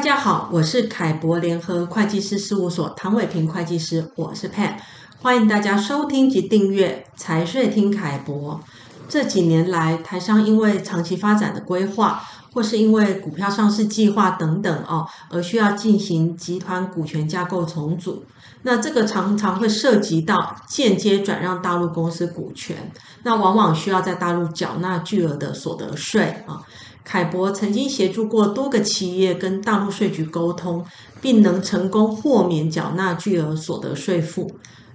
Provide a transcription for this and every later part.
大家好，我是凱博聯合會計師事務所唐偉平會計師，我是 Pan，歡迎大家收聽及訂閱財稅聽凱博。這幾年來，台商因為長期發展的規劃。或是因為股票上市計劃等等哦，而需要進行集團股權架構重組，那這個常常會涉及到間接轉讓大陸公司股權，那往往需要在大陸繳納鉅額的所得稅啊。凱博曾經協助過多個企業跟大陸稅局溝通，並能成功豁免繳納鉅額所得稅負。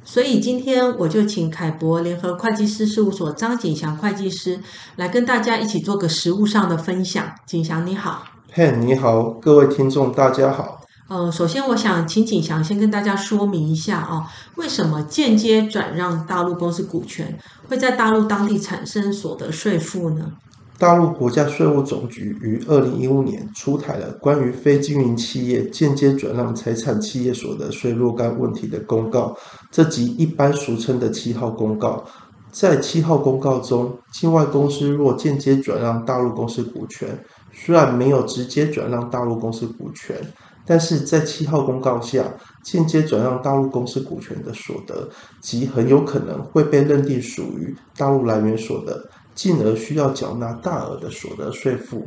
所以今天我就請凱博聯合會計師事務所張景祥會計師來跟大家一起做個實務上的分享。景祥你好。嘿，hey, 你好，各位聽眾大家好。呃，首先我想請景祥先跟大家說明一下啊，為什麼間接轉讓大陸公司股權會在大陸當地產生所得稅負呢？大陸國家稅務總局於二零一五年出台了關於非經營企業間接轉讓財產企業所得稅若干問題的公告，這即一般俗稱的七號公告。在七號公告中，境外公司若間接轉讓大陸公司股權，雖然沒有直接轉讓大陸公司股權，但是在七號公告下，間接轉讓大陸公司股權的所得，即很有可能會被認定屬於大陸來源所得。進而需要繳納大額的所得稅負。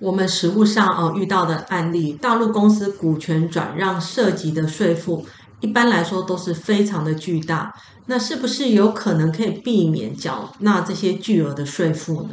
我們實務上哦遇到的案例，大陸公司股權轉讓涉及的稅負，一般來說都是非常的巨大。那是不是有可能可以避免繳納這些巨額的稅負呢？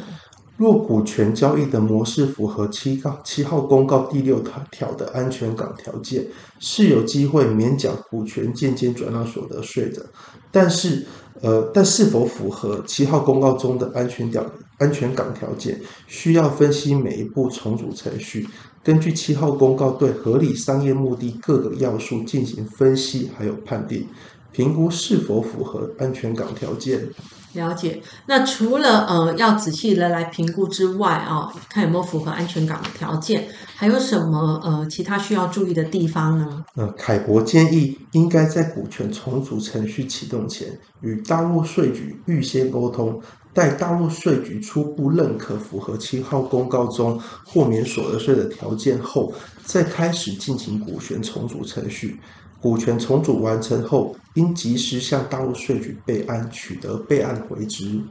若股權交易的模式符合七號七號公告第六條的安全港條件，是有機會免繳股權間接轉讓所得稅的。但是，呃，但是否符合七號公告中的安全條、安全港條件，需要分析每一步重組程序，根據七號公告對合理商業目的各個要素進行分析，還有判定。評估是否符合安全港條件。了解。那除了呃要仔細的來評估之外啊、哦，看有沒有符合安全港的條件，還有什麼呃其他需要注意的地方呢？呃，凱博建議應該在股權重組程序啟動前與大陸稅局預先溝通，待大陸稅局初步認可符合七號公告中豁免所得稅的條件後，再開始進行股權重組程序。股權重組完成後，應及時向大陸稅局備案，取得備案回執。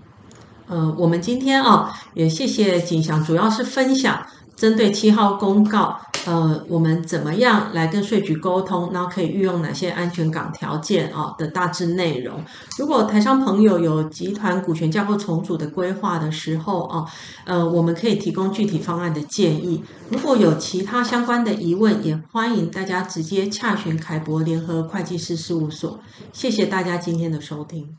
嗯、呃，我們今天啊，也謝謝景祥，主要是分享針對七號公告。呃，我們怎麼樣來跟稅局溝通，然後可以運用哪些安全港條件啊的大致內容。如果台商朋友有集團股權架構重組的規劃的時候啊，呃，我們可以提供具體方案的建議。如果有其他相關的疑問，也歡迎大家直接洽詢凱博聯合會計師事務所。謝謝大家今天的收聽。